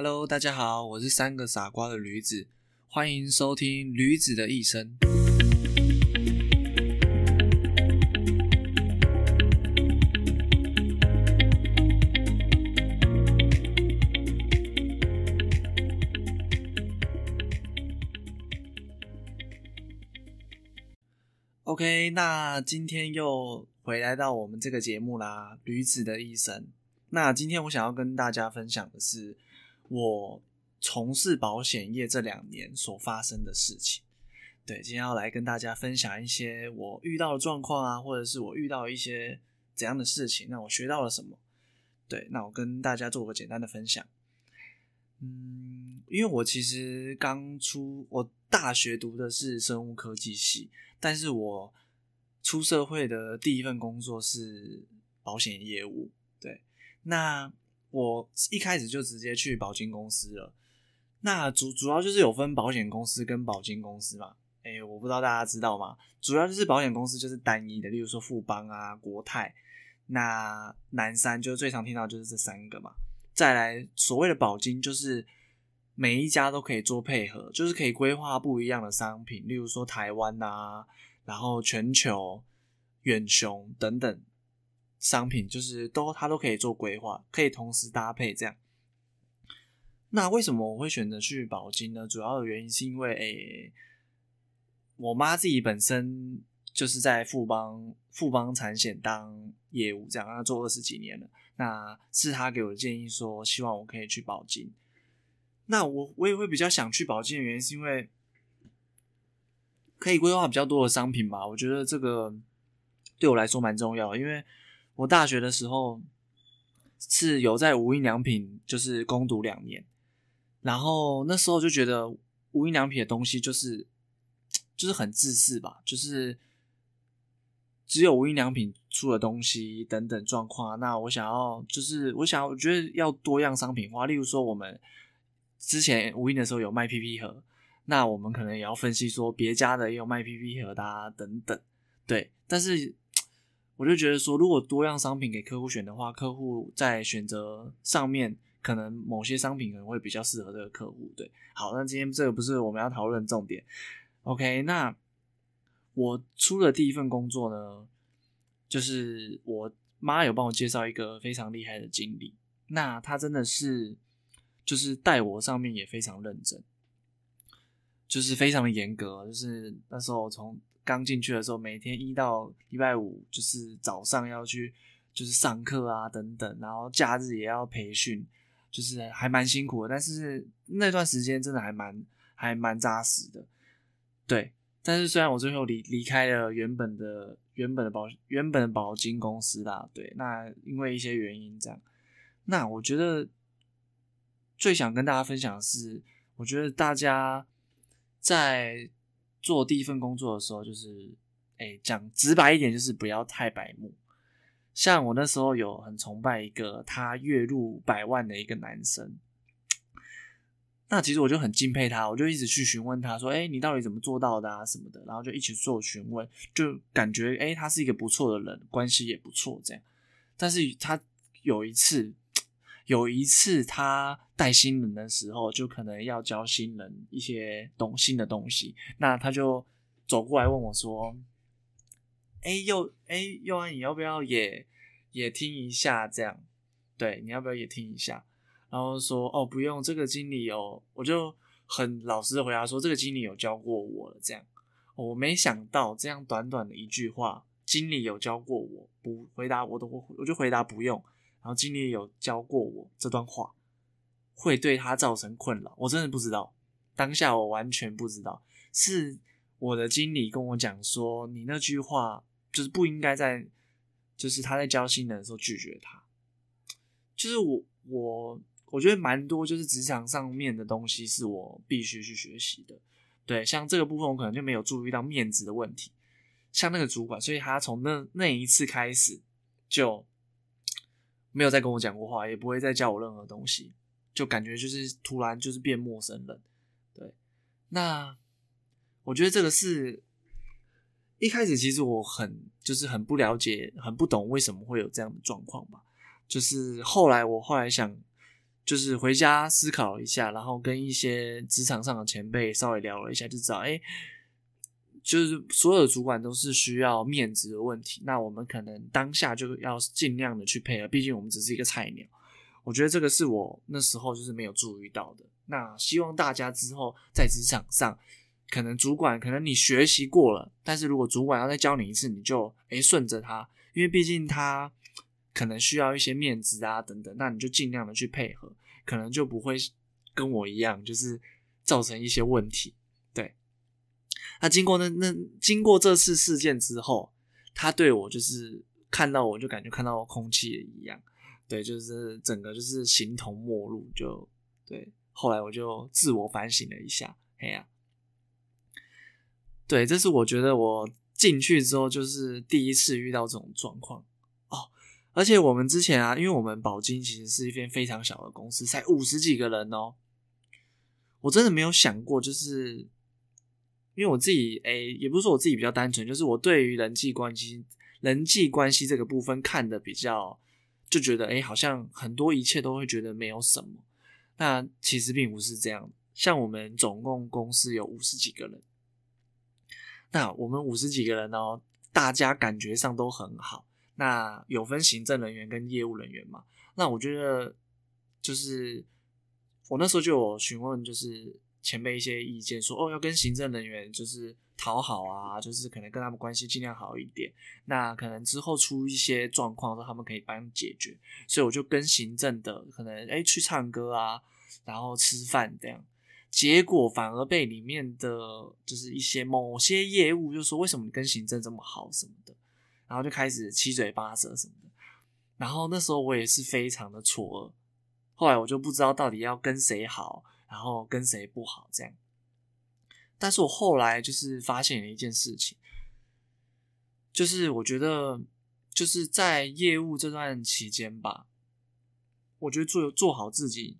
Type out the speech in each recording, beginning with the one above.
Hello，大家好，我是三個傻瓜的驢子，歡迎收聽驢子的一生。OK，那今天又回來到我們這個節目啦，驢子的一生。那今天我想要跟大家分享的是。我從事保險業這兩年所發生的事情，對，今天要來跟大家分享一些我遇到的狀況啊，或者是我遇到一些怎樣的事情，那我學到了什麼？對，那我跟大家做個簡單的分享。嗯，因為我其實剛出，我大學讀的是生物科技系，但是我出社會的第一份工作是保險業務，對，那。我一開始就直接去保金公司了，那主主要就是有分保險公司跟保金公司嘛。誒、欸，我不知道大家知道嗎？主要就是保險公司就是單一的，例如說富邦啊、國泰，那南山就是最常聽到就是這三個嘛。再來所謂的保金，就是每一家都可以做配合，就是可以規劃不一樣的商品，例如說台灣啊，然後全球遠雄等等。商品就是都，他都可以做規劃，可以同時搭配這樣。那為什麼我會選擇去保經呢？主要的原因是因為，欸、我媽自己本身就是在富邦富邦產險當業務這樣，她做二十幾年了，那是她給我的建議，說希望我可以去保經。那我我也會比較想去保經的原因，是因為可以規劃比較多的商品吧。我覺得這個對我來說蠻重要，因為。我大學的時候是有在無印良品，就是工讀兩年，然後那時候就覺得無印良品的東西就是就是很自私吧，就是只有無印良品出的東西等等狀況。那我想要就是我想要，我覺得要多樣商品化，例如說我們之前無印的時候有賣 PP 盒，那我們可能也要分析說別家的也有賣 PP 盒的啊，等等，對，但是。我就覺得說，如果多樣商品給客戶選的話，客戶在選擇上面，可能某些商品可能會比較適合這個客戶。對，好，那今天這個不是我們要討論重點。OK，那我出了第一份工作呢，就是我媽有幫我介紹一個非常厲害的經理，那他真的是就是帶我上面也非常認真，就是非常的嚴格，就是那時候從。剛進去的時候，每天一到禮拜五，就是早上要去就是上課啊等等，然後假日也要培訓，就是還蠻辛苦的。但是那段時間真的還蠻還蠻扎實的，對。但是雖然我最後離離開了原本的原本的保原本的保金公司啦，對。那因為一些原因這樣，那我覺得最想跟大家分享的是，我覺得大家在。做第一份工作的時候，就是，哎、欸，講直白一點，就是不要太白目。像我那時候有很崇拜一個他月入百萬的一個男生，那其實我就很敬佩他，我就一直去詢問他說，哎、欸，你到底怎麼做到的啊什麼的，然後就一起做詢問，就感覺哎、欸，他是一個不錯的人，關係也不錯這樣。但是他有一次。有一次他帶新人的時候，就可能要教新人一些懂新的東西，那他就走過來問我說：“哎、欸，又哎、欸、又啊，你要不要也也聽一下？這樣，對，你要不要也聽一下？”然後說：“哦，不用。”這個經理有，我就很老實的回答說：“這個經理有教過我了。”這樣，我沒想到這樣短短的一句話，經理有教過我，不回答我都我就回答不用。然後經理也有教過我這段話會對他造成困擾，我真的不知道。當下我完全不知道，是我的經理跟我講說，你那句話就是不應該在，就是他在教新人的時候拒絕他，就是我我我覺得蠻多就是職場上面的東西是我必須去學習的。對，像這個部分我可能就沒有注意到面子的問題，像那個主管，所以他從那那一次開始就。沒有再跟我講過話，也不會再教我任何東西，就感覺就是突然就是變陌生人。對，那我覺得這個是一開始其實我很就是很不了解，很不懂為什麼會有這樣的狀況吧。就是後來我後來想，就是回家思考一下，然後跟一些職場上的前輩稍微聊了一下，就知道，誒。就是所有的主管都是需要面子的問題，那我們可能當下就要盡量的去配合，畢竟我們只是一個菜鳥。我覺得這個是我那時候就是沒有注意到的。那希望大家之後在職場上，可能主管可能你學習過了，但是如果主管要再教你一次，你就誒，順著他，因為畢竟他可能需要一些面子啊等等，那你就盡量的去配合，可能就不會跟我一樣，就是造成一些問題。他、啊、經過那那經過這次事件之後，他對我就是看到我就感覺看到我空氣也一樣，對，就是整個就是形同陌路，就對。後來我就自我反省了一下，哎呀、啊，對，這是我覺得我進去之後就是第一次遇到這種狀況哦。而且我們之前啊，因為我們寶金其實是一間非常小的公司，才五十幾個人哦，我真的沒有想過就是。因為我自己，誒，也不是說我自己比較單純，就是我對於人際關係、人際關係這個部分看的比較，就覺得，誒，好像很多一切都會覺得沒有什麼。那其實並不是這樣。像我們總共公司有五十幾個人，那我們五十幾個人呢，大家感覺上都很好。那有分行政人員跟業務人員嘛？那我覺得，就是我那時候就有詢問，就是。前輩一些意見說，哦，要跟行政人員就是討好啊，就是可能跟他們關係盡量好一點。那可能之後出一些狀況，說他們可以幫你解決。所以我就跟行政的可能哎、欸、去唱歌啊，然後吃飯這樣。結果反而被裡面的就是一些某些業務就說為什麼你跟行政這麼好什麼的，然後就開始七嘴八舌什麼的。然後那時候我也是非常的錯愕。後來我就不知道到底要跟誰好，然後跟誰不好這樣，但是我後來就是發現了一件事情，就是我覺得就是在業務這段期間吧，我覺得做做好自己，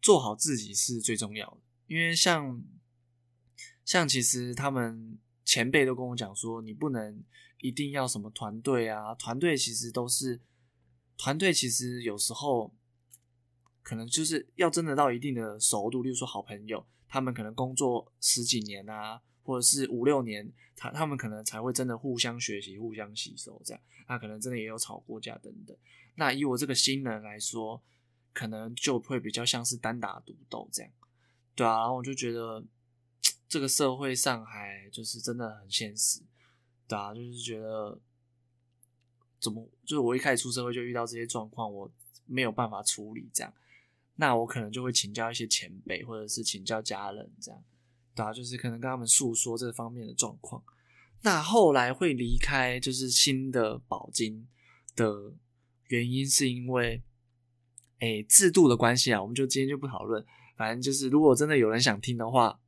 做好自己是最重要的。因為像像其實他們前輩都跟我講說，你不能一定要什麼團隊啊，團隊其實都是，團隊其實有時候。可能就是要真的到一定的熟度，例如說好朋友，他們可能工作十幾年啊，或者是五六年，他他們可能才會真的互相學習、互相吸收這樣。那可能真的也有吵過架等等。那以我這個新人來說，可能就會比較像是單打獨鬥這樣。對啊，然後我就覺得這個社會上還就是真的很現實。對啊，就是覺得怎麼就是我一開始出社會就遇到這些狀況，我沒有辦法處理這樣。那我可能就會請教一些前輩，或者是請教家人，這樣，對啊，就是可能跟他們訴說這方面的狀況。那後來會離開就是新的保經的原因，是因為，誒、欸、制度的關係啊，我們就今天就不討論。反正就是，如果真的有人想聽的話，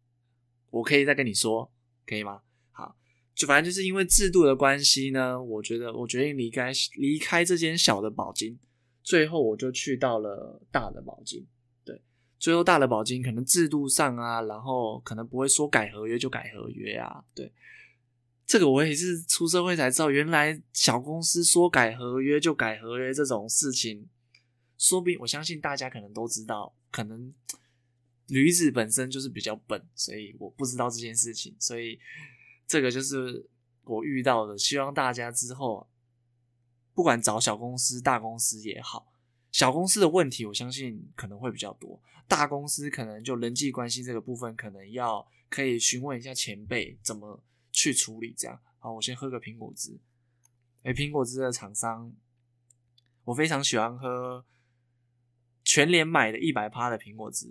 我可以再跟你說，可以嗎？好，就反正就是因為制度的關係呢，我覺得我決定離開，離開這間小的保經。最後我就去到了大的保金，對，最後大的保金可能制度上啊，然後可能不會說改合約就改合約啊，對，這個我也是出社會才知道，原來小公司說改合約就改合約這種事情，說不定，我相信大家可能都知道，可能驢子本身就是比較笨，所以我不知道這件事情，所以這個就是我遇到的，希望大家之後。不管找小公司、大公司也好，小公司的問題，我相信可能會比較多。大公司可能就人際關係這個部分，可能要可以詢問一下前輩怎麼去處理。這樣，好，我先喝個蘋果汁。哎、欸，蘋果汁的廠商，我非常喜歡喝全聯買的一百趴的蘋果汁。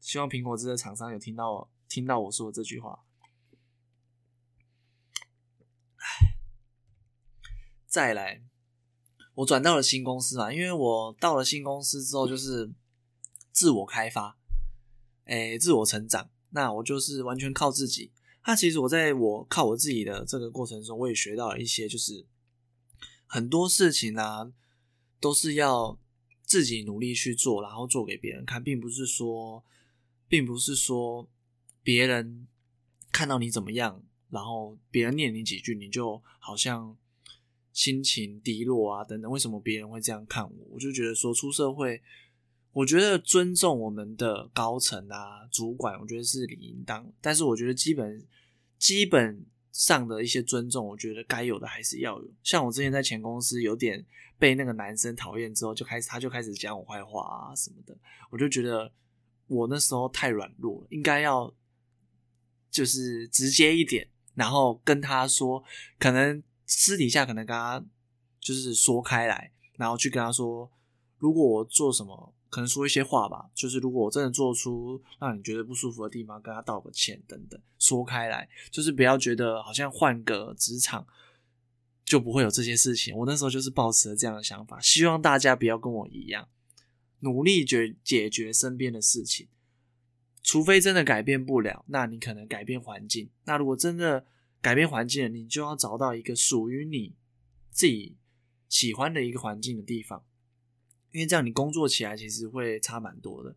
希望蘋果汁的廠商有聽到我聽到我說的這句話。唉，再來。我轉到了新公司嘛，因為我到了新公司之後，就是自我開發，誒，自我成長。那我就是完全靠自己。那其實我在我靠我自己的這個過程中，我也學到了一些，就是很多事情啊，都是要自己努力去做，然後做給別人看，並不是說，並不是說別人看到你怎麼樣，然後別人念你幾句，你就好像。心情低落啊，等等，為什麼別人會這樣看我？我就覺得說，出社會，我覺得尊重我們的高層啊、主管，我覺得是理應當。但是我覺得基本、基本上的一些尊重，我覺得該有的還是要有。像我之前在前公司有點被那個男生討厭之後，就開始他就開始講我壞話啊什麼的，我就覺得我那時候太軟弱了，應該要就是直接一點，然後跟他說，可能。私底下可能跟他就是說開來，然後去跟他說，如果我做什麼，可能說一些話吧，就是如果我真的做出讓你覺得不舒服的地方，跟他道個歉等等，說開來，就是不要覺得好像換個職場就不會有這些事情。我那時候就是抱持了這樣的想法，希望大家不要跟我一樣，努力解解決身邊的事情，除非真的改變不了，那你可能改變環境。那如果真的。改變環境你就要找到一個屬於你自己喜歡的一個環境的地方，因為這樣你工作起來其實會差蠻多的。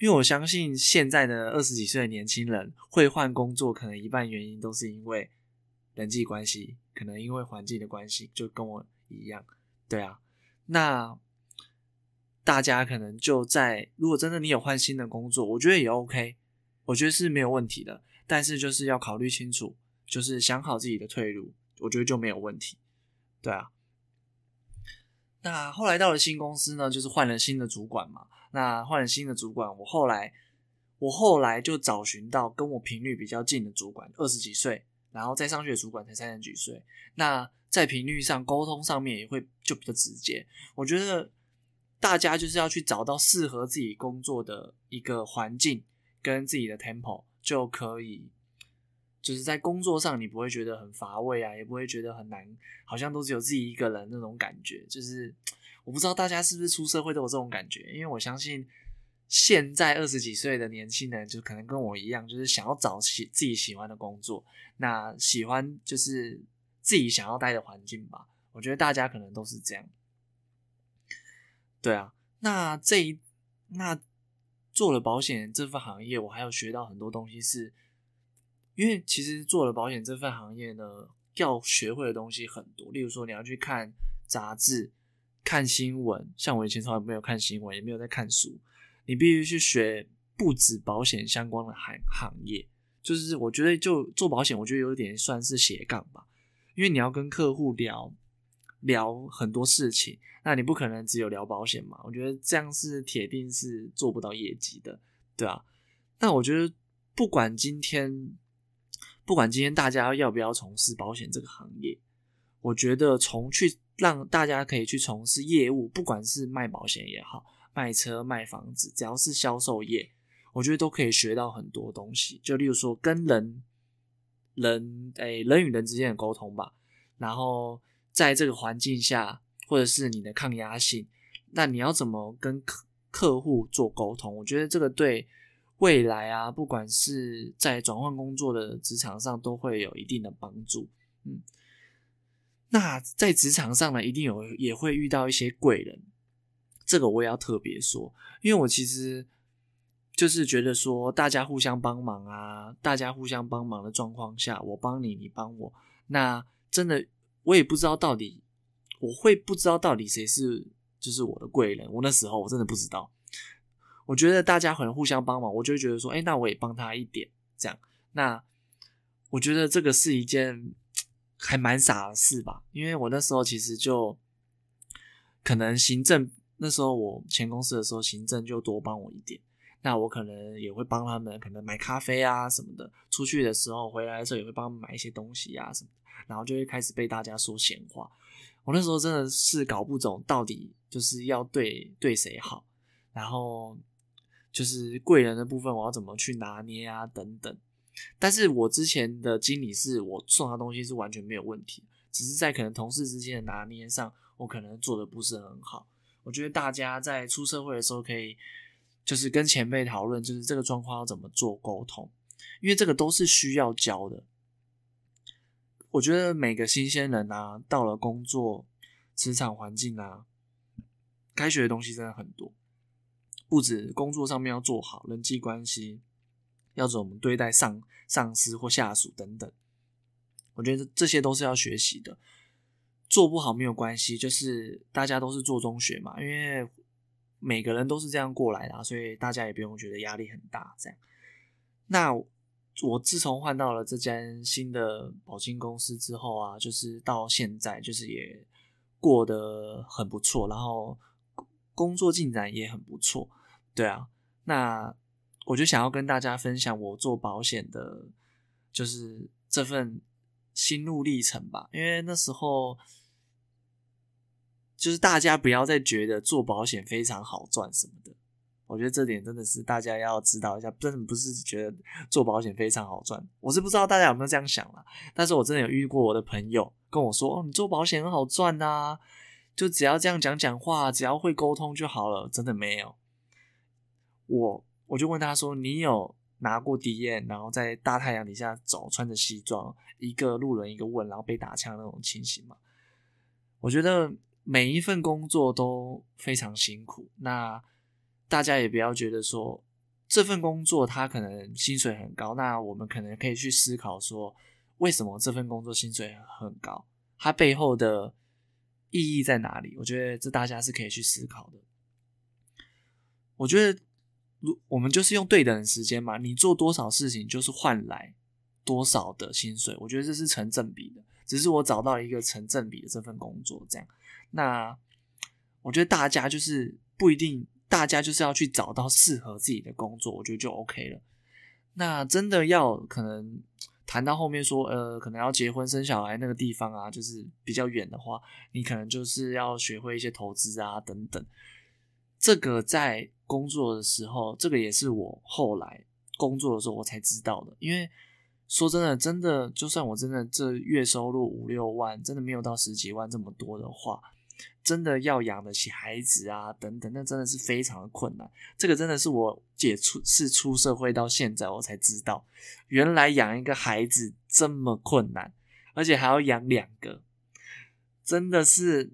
因為我相信現在的二十幾歲的年輕人會換工作，可能一半原因都是因為人際關係，可能因為環境的關係，就跟我一樣，對啊。那大家可能就在，如果真的你有換新的工作，我覺得也 OK，我覺得是沒有問題的，但是就是要考慮清楚。就是想好自己的退路，我覺得就沒有問題。對啊，那後來到了新公司呢，就是換了新的主管嘛。那換了新的主管，我後來我後來就找尋到跟我頻率比較近的主管，二十幾歲，然後再上去的主管才三十幾歲。那在頻率上、溝通上面也會就比較直接。我覺得大家就是要去找到適合自己工作的一個環境跟自己的 tempo 就可以。就是在工作上，你不會覺得很乏味啊，也不會覺得很難，好像都只有自己一個人那種感覺。就是我不知道大家是不是出社會都有這種感覺，因為我相信現在二十幾歲的年輕人，就可能跟我一樣，就是想要找喜自己喜歡的工作，那喜歡就是自己想要待的環境吧。我覺得大家可能都是這樣。對啊，那這一那做了保險這份行業，我還有學到很多東西是。因為其實做了保險這份行業呢，要學會的東西很多。例如說，你要去看雜誌、看新聞。像我以前從來沒有看新聞，也沒有在看書。你必須去學不止保險相關的行行業。就是我覺得，就做保險，我覺得有點算是斜槓吧。因為你要跟客戶聊聊很多事情，那你不可能只有聊保險嘛。我覺得這樣是鐵定是做不到業績的，對吧、啊？那我覺得不管今天。不管今天大家要不要從事保險這個行業，我覺得從去讓大家可以去從事業務，不管是賣保險也好，賣車、賣房子，只要是銷售業，我覺得都可以學到很多東西。就例如說跟人、人、誒、哎、人與人之間的溝通吧，然後在這個環境下，或者是你的抗壓性，那你要怎麼跟客客戶做溝通，我覺得這個對未來啊，不管是在轉換工作的職場上，都會有一定的幫助。嗯，那在職場上呢，一定有也會遇到一些貴人，這個我也要特別說，因為我其實就是覺得說，大家互相幫忙啊，大家互相幫忙的狀況下，我幫你，你幫我，那真的我也不知道到底，我會不知道到底誰是就是我的貴人，我那時候我真的不知道。我覺得大家可能互相幫忙，我就會覺得說，哎、欸，那我也幫他一點，這樣。那我覺得這個是一件還蠻傻的事吧，因為我那時候其實就可能行政那時候我前公司的時候，行政就多幫我一點。那我可能也會幫他們，可能買咖啡啊什麼的。出去的時候，回來的時候也會幫他們買一些東西啊什麼的。然後就會開始被大家說閒話。我那時候真的是搞不懂，到底就是要對對誰好，然後。就是貴人的部分，我要怎麼去拿捏啊？等等。但是我之前的經理是我送他東西是完全沒有問題，只是在可能同事之間的拿捏上，我可能做得不是很好。我覺得大家在出社會的時候，可以就是跟前輩討論，就是這個狀況要怎麼做溝通，因為這個都是需要教的。我覺得每個新鮮人啊，到了工作，職場環境啊，該學的東西真的很多。不止工作上面要做好人際關係，要怎麼對待上上司或下屬等等，我覺得這些都是要學習的。做不好沒有關係，就是大家都是做中學嘛，因為每個人都是這樣過來的啊，所以大家也不用覺得壓力很大。這樣。那我自從換到了這間新的保金公司之後啊，就是到現在，就是也過得很不錯，然後。工作進展也很不錯，對啊，那我就想要跟大家分享我做保險的，就是這份心路歷程吧。因為那時候，就是大家不要再覺得做保險非常好賺什麼的。我覺得這點真的是大家要知道一下。真的不是覺得做保險非常好賺，我是不知道大家有沒有這樣想啦，但是我真的有遇過我的朋友跟我說：“哦，你做保險很好賺啊。”就只要這樣講講話，只要會溝通就好了，真的沒有我。我我就問他說：“你有拿過 DM，然後在大太陽底下走，穿着西裝，一個路人一個問，然後被打槍那種情形嗎？”我覺得每一份工作都非常辛苦，那大家也不要覺得說這份工作他可能薪水很高，那我們可能可以去思考說，為什麼這份工作薪水很高？它背後的。意義在哪裡？我覺得這大家是可以去思考的。我覺得，如我們就是用對等的時間嘛，你做多少事情就是換來多少的薪水，我覺得這是成正比的。只是我找到一個成正比的這份工作，這樣。那我覺得大家就是不一定，大家就是要去找到適合自己的工作，我覺得就 OK 了。那真的要可能。談到後面說，呃，可能要結婚生小孩那個地方啊，就是比較遠的話，你可能就是要學會一些投資啊等等。這個在工作的時候，這個也是我後來工作的時候我才知道的。因為說真的，真的，就算我真的這月收入五六萬，真的沒有到十幾萬這麼多的話，真的要養得起孩子啊等等，那真的是非常的困難。這個真的是我。解出是出社會到現在，我才知道，原來養一個孩子這麼困難，而且還要養兩個，真的是，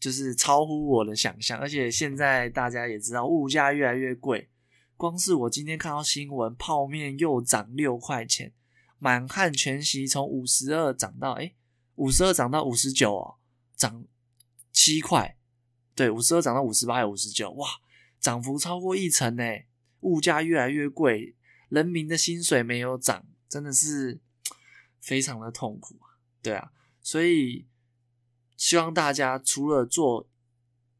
就是超乎我的想象。而且現在大家也知道，物價越來越貴，光是我今天看到新聞，泡面又漲六塊錢，滿漢全席從五十二漲到，哎，五十二漲到五十九哦，漲七塊，對，五十二漲到五十八還五十九，哇！漲幅超過一成呢、欸，物價越來越貴，人民的薪水沒有漲，真的是非常的痛苦啊。對啊，所以希望大家除了做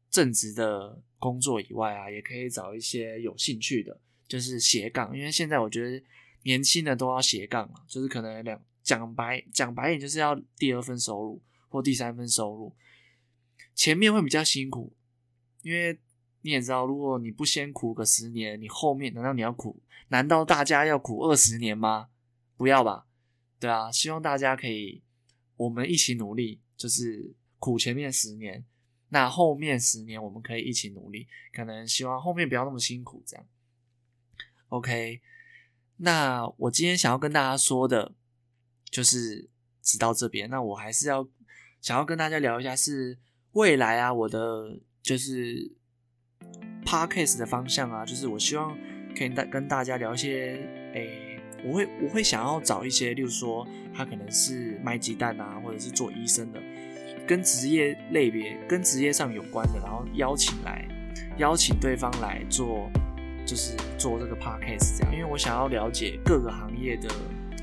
正職的工作以外啊，也可以找一些有興趣的，就是斜槓。因為現在我覺得年輕的都要斜槓了，就是可能兩講白講白一點就是要第二份收入或第三份收入，前面會比較辛苦，因為。你也知道，如果你不先苦個十年，你後面難道你要苦？難道大家要苦二十年嗎？不要吧，對啊，希望大家可以我們一起努力，就是苦前面十年，那後面十年我們可以一起努力，可能希望後面不要那麼辛苦，這樣。OK，那我今天想要跟大家說的，就是直到這邊。那我還是要想要跟大家聊一下，是未來啊，我的就是。Podcast 的方向啊，就是我希望可以大跟大家聊一些，誒、欸，我會我會想要找一些，例如說他可能是賣雞蛋啊，或者是做醫生的，跟職業類別跟職業上有關的，然後邀請來邀請對方來做，就是做這個 Podcast 這樣，因為我想要了解各個行業的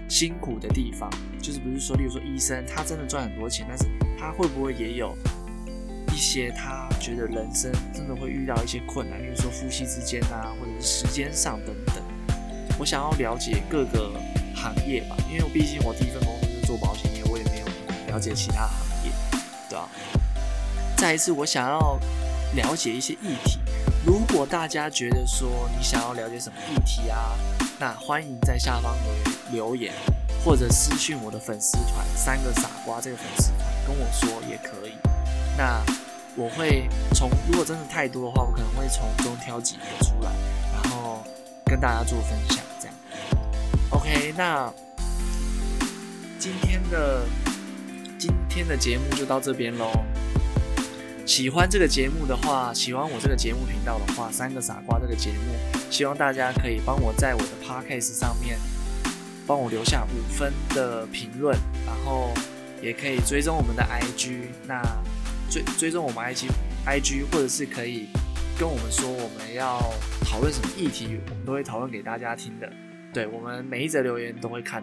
辛苦的地方，就是比如說，例如說醫生，他真的賺很多錢，但是他會不會也有？一些他覺得人生真的會遇到一些困難，比如說夫妻之間啊，或者是時間上等等。我想要了解各個行業吧，因為我畢竟我第一份工作是做保險業，我也沒有了解其他行業，對吧？啊？再一次，我想要了解一些議題。如果大家覺得說你想要了解什麼議題啊，那歡迎在下方留言，或者私訊我的粉絲團“三個傻瓜”這個粉絲團跟我說也可以。那。我會從如果真的太多的話，我可能會從中挑幾個出來，然後跟大家做分享。這樣，OK，那今天的今天的節目就到這邊嘍。喜歡這個節目的話，喜歡我這個節目頻道的話，《三個傻瓜》這個節目，希望大家可以幫我在我的 podcast 上面幫我留下五分的評論，然後也可以追蹤我們的 IG。那。追追蹤我們 IG, IG，或者是可以跟我們說我們要討論什麼議題，我們都會討論給大家聽的。對，我們每一則留言都會看。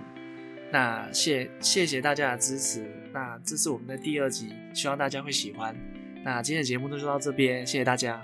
那謝謝謝大家的支持。那這是我們的第二集，希望大家會喜歡。那今天的節目就到這邊，謝謝大家。